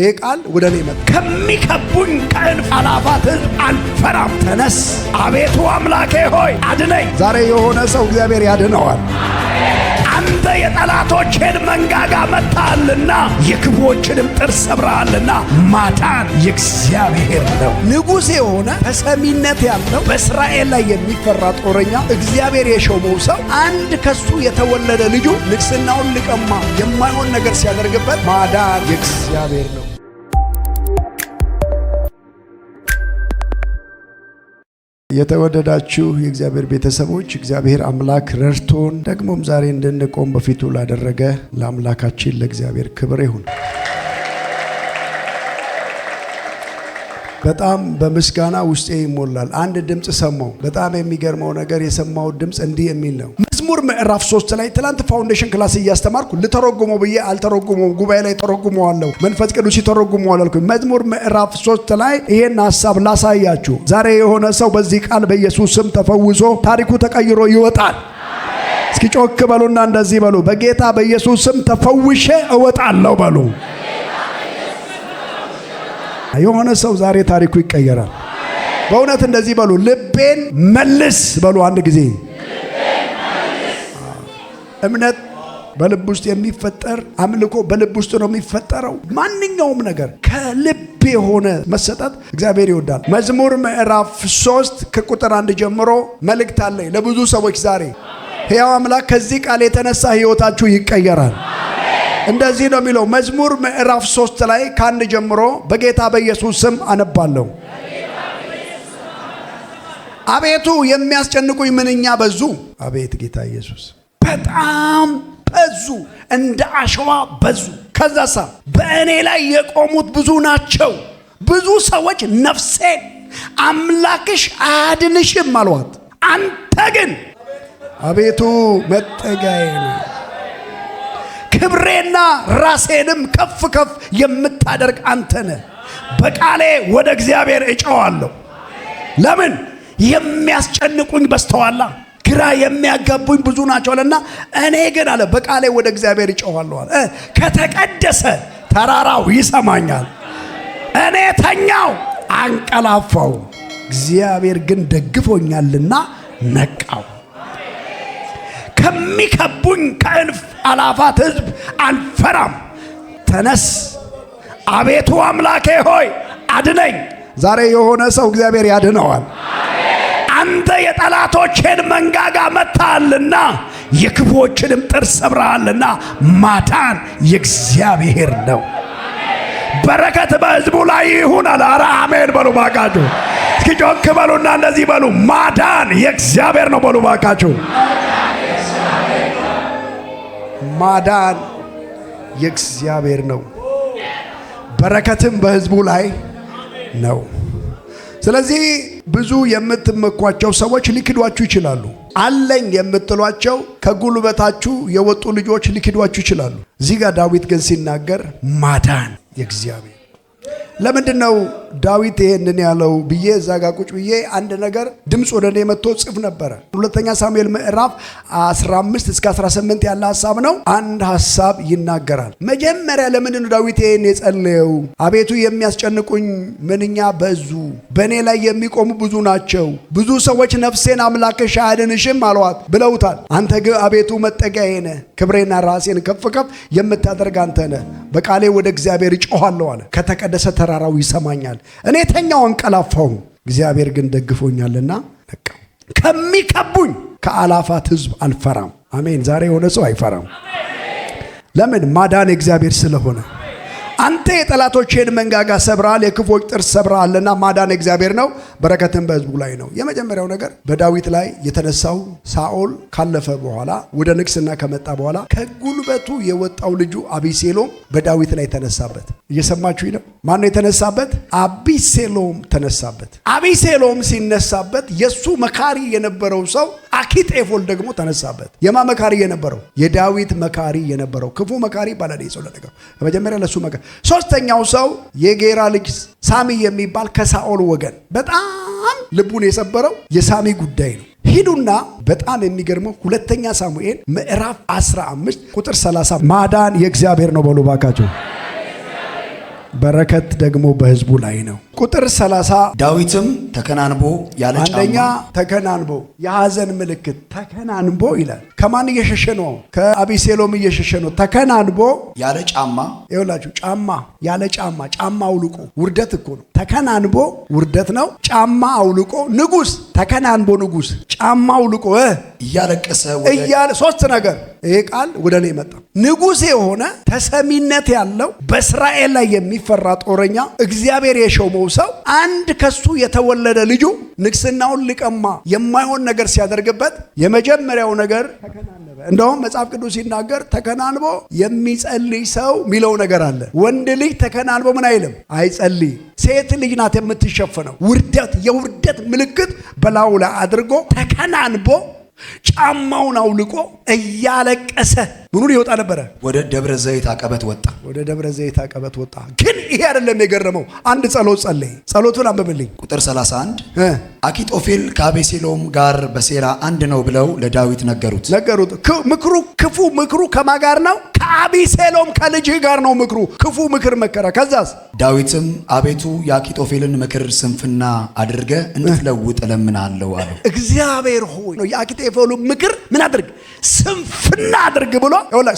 ይሄ ቃል ወደ እኔ መጣ። ከሚከቡኝ ከእልፍ አላፋት ሕዝብ አንፈራም። ተነስ አቤቱ አምላኬ ሆይ አድነኝ። ዛሬ የሆነ ሰው እግዚአብሔር ያድነዋል። አንተ የጠላቶችን መንጋጋ መታሃልና የክፉዎችንም ጥርስ ሰብረሃልና ማዳን የእግዚአብሔር ነው። ንጉሥ የሆነ ተሰሚነት ያለው በእስራኤል ላይ የሚፈራ ጦረኛ እግዚአብሔር የሾመው ሰው አንድ ከሱ የተወለደ ልጁ ንግሥናውን ሊቀማ የማይሆን ነገር ሲያደርግበት ማዳን የእግዚአብሔር ነው። የተወደዳችሁ የእግዚአብሔር ቤተሰቦች እግዚአብሔር አምላክ ረድቶን ደግሞም ዛሬ እንድንቆም በፊቱ ላደረገ ለአምላካችን ለእግዚአብሔር ክብር ይሁን። በጣም በምስጋና ውስጤ ይሞላል። አንድ ድምፅ ሰማው። በጣም የሚገርመው ነገር የሰማው ድምፅ እንዲህ የሚል ነው መዝሙር ምዕራፍ ሶስት ላይ ትላንት ፋውንዴሽን ክላስ እያስተማርኩ ልተረጉሞ ብዬ አልተረጉመውም። ጉባኤ ላይ ተረጉመዋለሁ፣ መንፈስ ቅዱስ ይተረጉመዋል አልኩኝ። መዝሙር ምዕራፍ ሶስት ላይ ይሄን ሀሳብ ላሳያችሁ። ዛሬ የሆነ ሰው በዚህ ቃል በኢየሱስ ስም ተፈውሶ ታሪኩ ተቀይሮ ይወጣል። እስኪ ጮክ በሉና እንደዚህ በሉ፣ በጌታ በኢየሱስ ስም ተፈውሼ እወጣለሁ በሉ። የሆነ ሰው ዛሬ ታሪኩ ይቀየራል። በእውነት እንደዚህ በሉ፣ ልቤን መልስ በሉ አንድ ጊዜ እምነት በልብ ውስጥ የሚፈጠር አምልኮ በልብ ውስጥ ነው የሚፈጠረው። ማንኛውም ነገር ከልብ የሆነ መሰጠት እግዚአብሔር ይወዳል። መዝሙር ምዕራፍ ሶስት ከቁጥር አንድ ጀምሮ መልእክት አለኝ ለብዙ ሰዎች ዛሬ። ሕያው አምላክ ከዚህ ቃል የተነሳ ሕይወታችሁ ይቀየራል። እንደዚህ ነው የሚለው መዝሙር ምዕራፍ ሶስት ላይ ከአንድ ጀምሮ በጌታ በኢየሱስ ስም አነባለሁ። አቤቱ የሚያስጨንቁኝ ምንኛ በዙ! አቤት ጌታ ኢየሱስ በጣም በዙ፣ እንደ አሸዋ በዙ። ከዛሳ በእኔ ላይ የቆሙት ብዙ ናቸው። ብዙ ሰዎች ነፍሴን አምላክሽ አያድንሽም አሏት። አንተ ግን አቤቱ መጠጊያዬ ነህ፣ ክብሬና ራሴንም ከፍ ከፍ የምታደርግ አንተ ነህ። በቃሌ ወደ እግዚአብሔር እጨዋለሁ። ለምን የሚያስጨንቁኝ በስተዋላ ግራ የሚያጋቡኝ ብዙ ናቸው አለና እኔ ግን አለ በቃሌ ወደ እግዚአብሔር እጮኋለሁ ከተቀደሰ ተራራው ይሰማኛል። እኔ ተኛው አንቀላፋው፣ እግዚአብሔር ግን ደግፎኛልና ነቃው። ከሚከቡኝ ከእልፍ አላፋት ሕዝብ አልፈራም። ተነስ አቤቱ አምላኬ ሆይ አድነኝ። ዛሬ የሆነ ሰው እግዚአብሔር ያድነዋል። የጠላቶችን መንጋጋ መታልና የክፉዎችንም ጥርስ ሰብረሃልና ማዳን የእግዚአብሔር ነው። በረከት በሕዝቡ ላይ ይሁን አለ። አረ አሜን በሉ ባካችሁ። እስኪ ጮክ በሉና እንደዚህ በሉ፣ ማዳን የእግዚአብሔር ነው በሉ ባካችሁ። ማዳን የእግዚአብሔር ነው፣ በረከትም በሕዝቡ ላይ ነው። ስለዚህ ብዙ የምትመኳቸው ሰዎች ሊክዷችሁ ይችላሉ። አለኝ የምትሏቸው ከጉልበታችሁ የወጡ ልጆች ሊክዷችሁ ይችላሉ። እዚህ ጋር ዳዊት ግን ሲናገር ማዳን የእግዚአብሔር ለምንድን ነው ዳዊት ይሄንን ያለው ብዬ እዛ ጋ ቁጭ ብዬ አንድ ነገር ድምፅ ወደ እኔ መጥቶ ጽፍ ነበረ። ሁለተኛ ሳሙኤል ምዕራፍ 15 እስከ 18 ያለ ሀሳብ ነው። አንድ ሀሳብ ይናገራል። መጀመሪያ ለምንድን ነው ዳዊት ይሄን የጸለየው? አቤቱ የሚያስጨንቁኝ ምንኛ በዙ፣ በእኔ ላይ የሚቆሙ ብዙ ናቸው። ብዙ ሰዎች ነፍሴን አምላክሽ አያድንሽም አሏት ብለውታል። አንተ ግን አቤቱ መጠጊያዬ ነህ፣ ክብሬና ራሴን ከፍ ከፍ የምታደርግ አንተ ነህ። በቃሌ ወደ እግዚአብሔር እጮኋለሁ አለ ከተቀደሰ ተራራው ይሰማኛል። እኔ ተኛው አንቀላፋሁም፣ እግዚአብሔር ግን ደግፎኛልና ነቃው። ከሚከቡኝ ከአላፋት ህዝብ አልፈራም። አሜን። ዛሬ የሆነ ሰው አይፈራም። ለምን? ማዳን እግዚአብሔር ስለሆነ አንተ የጠላቶችን መንጋጋ ሰብረሃል፣ የክፎች ጥርስ ሰብረሃልና ማዳን እግዚአብሔር ነው፣ በረከትን በህዝቡ ላይ ነው። የመጀመሪያው ነገር በዳዊት ላይ የተነሳው ሳኦል ካለፈ በኋላ ወደ ንግስና ከመጣ በኋላ ከጉልበቱ የወጣው ልጁ አቢሴሎም በዳዊት ላይ ተነሳበት። እየሰማችሁኝ ነው? ማን ነው የተነሳበት? አቢሴሎም ተነሳበት። አቢሴሎም ሲነሳበት የእሱ መካሪ የነበረው ሰው አኪጤፎል ደግሞ ተነሳበት። የማ መካሪ የነበረው የዳዊት መካሪ የነበረው ክፉ መካሪ ባላደ ሰው ለነገሩ መጀመሪያ ለሱ መካሪ ሶስተኛው ሰው የጌራ ልጅ ሳሚ የሚባል ከሳኦል ወገን በጣም ልቡን የሰበረው የሳሚ ጉዳይ ነው። ሂዱና በጣም የሚገርመው ሁለተኛ ሳሙኤል ምዕራፍ 15 ቁጥር 30 ማዳን የእግዚአብሔር ነው በሉ ባካቸው። በረከት ደግሞ በህዝቡ ላይ ነው። ቁጥር 30 ዳዊትም ተከናንቦ ያለ አንደኛ ተከናንቦ የሐዘን ምልክት ተከናንቦ ይላል። ከማን እየሸሸ ነው? ከአቤሴሎም እየሸሸ ነው። ተከናንቦ ያለ ጫማ ይውላችሁ፣ ጫማ ያለ ጫማ ጫማ አውልቆ ውርደት እኮ ነው። ተከናንቦ ውርደት ነው። ጫማ አውልቆ ንጉስ፣ ተከናንቦ ንጉስ፣ ጫማ አውልቆ እያለቀሰ እያለ ሶስት ነገር ይሄ ቃል ወደ እኔ መጣ። ንጉሥ የሆነ ተሰሚነት ያለው በእስራኤል ላይ የሚፈራ ጦረኛ እግዚአብሔር የሾመው ሰው አንድ ከሱ የተወለደ ልጁ ንግስናውን ሊቀማ የማይሆን ነገር ሲያደርግበት የመጀመሪያው ነገር እንደውም መጽሐፍ ቅዱስ ሲናገር ተከናንቦ የሚጸልይ ሰው የሚለው ነገር አለ። ወንድ ልጅ ተከናንቦ ምን አይልም አይጸልይ። ሴት ልጅ ናት የምትሸፍነው። ውርደት የውርደት ምልክት በላዩ ላይ አድርጎ ተከናንቦ ጫማውን አውልቆ እያለቀሰ ምኑን ይወጣ ነበረ? ወደ ደብረ ዘይት አቀበት ወጣ። ወደ ደብረ ዘይት አቀበት ወጣ። ግን ይሄ አይደለም የገረመው። አንድ ጸሎት ጸለይ። ጸሎቱን አንብብልኝ። ቁጥር 31 አኪጦፌል ከአቤሴሎም ጋር በሴራ አንድ ነው ብለው ለዳዊት ነገሩት ነገሩት። ምክሩ ክፉ ምክሩ ከማ ጋር ነው? ከአቤሴሎም ከልጅህ ጋር ነው ምክሩ። ክፉ ምክር መከረ። ከዛስ ዳዊትም አቤቱ የአኪጦፌልን ምክር ስንፍና አድርገ እንትለውጥ እለምናለሁ አለው። እግዚአብሔር ሆይ የአኪጦፌሉ ምክር ምን አድርግ ስንፍና አድርግ ብሎ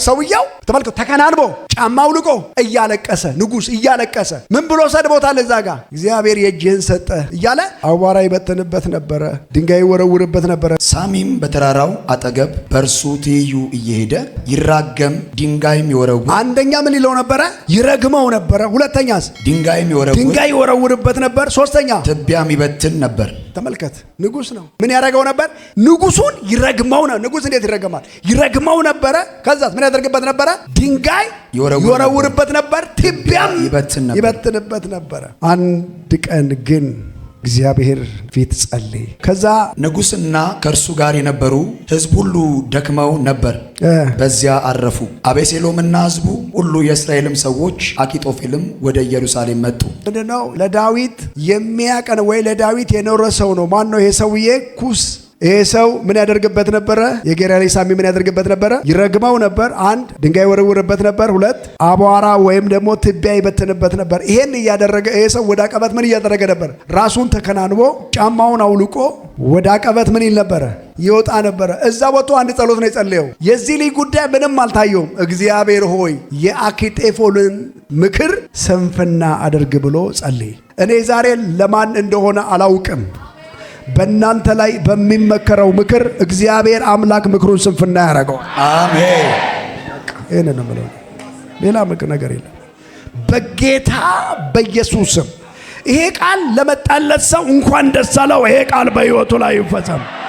ሰውየው ተመልከው ተከናንቦ ጫማው ልቆ እያለቀሰ ንጉስ እያለቀሰ ምን ብሎ ሰድቦታል? እዛ ጋር እግዚአብሔር የእጅህን ሰጠ እያለ አቧራ ይበትንበት ነበረ፣ ድንጋይ ይወረውርበት ነበረ። ሳሚም በተራራው አጠገብ በእርሱ ትይዩ እየሄደ ይራገም ድንጋይም ይወረውር። አንደኛ ምን ይለው ነበረ? ይረግመው ነበረ። ሁለተኛ ድንጋይም ይወረውር ድንጋይ ይወረውርበት ነበር። ሶስተኛ ትቢያም ይበትን ነበር። ተመልከት፣ ንጉስ ነው። ምን ያደረገው ነበር? ንጉሱን ይረግመው ነው። ንጉስ እንዴት ይረግማል? ይረግመው ነበረ። ከዛት ምን ያደርግበት ነበረ? ድንጋይ ይወረውርበት ነበር፣ ትቢያም ይበትንበት ነበረ። አንድ ቀን ግን እግዚአብሔር ፊት ጸልይ። ከዛ ንጉስና ከእርሱ ጋር የነበሩ ህዝብ ሁሉ ደክመው ነበር፣ በዚያ አረፉ። አቤሴሎምና ህዝቡ ሁሉ የእስራኤልም ሰዎች አኪጦፌልም ወደ ኢየሩሳሌም መጡ። ምንድነው ለዳዊት የሚያቀን ወይ ለዳዊት የኖረ ሰው ነው። ማን ነው ይሄ ሰውዬ? ኩስ ይሄ ሰው ምን ያደርግበት ነበረ? የጌራሪ ምን ያደርግበት ነበረ? ይረግመው ነበር። አንድ ድንጋይ ወረውርበት ነበር። ሁለት አቧራ ወይም ደግሞ ትቢያ ይበትንበት ነበር። ይሄን እያደረገ ይሄ ሰው ወደ አቀበት ምን እያደረገ ነበር? ራሱን ተከናንቦ ጫማውን አውልቆ ወደ አቀበት ምን ይል ነበረ? ይወጣ ነበረ። እዛ ወጥቶ አንድ ጸሎት ነው የጸለየው። የዚህ ልጅ ጉዳይ ምንም አልታየውም። እግዚአብሔር ሆይ የአኪጤፎልን ምክር ስንፍና አድርግ ብሎ ጸልይ። እኔ ዛሬ ለማን እንደሆነ አላውቅም በእናንተ ላይ በሚመከረው ምክር እግዚአብሔር አምላክ ምክሩን ስንፍና ያደረገዋል። አሜን። ይህን ነው የምለው፣ ሌላ ምክር ነገር የለም። በጌታ በኢየሱስም ይሄ ቃል ለመጣለት ሰው እንኳን ደስ አለው። ይሄ ቃል በሕይወቱ ላይ ይፈጸም።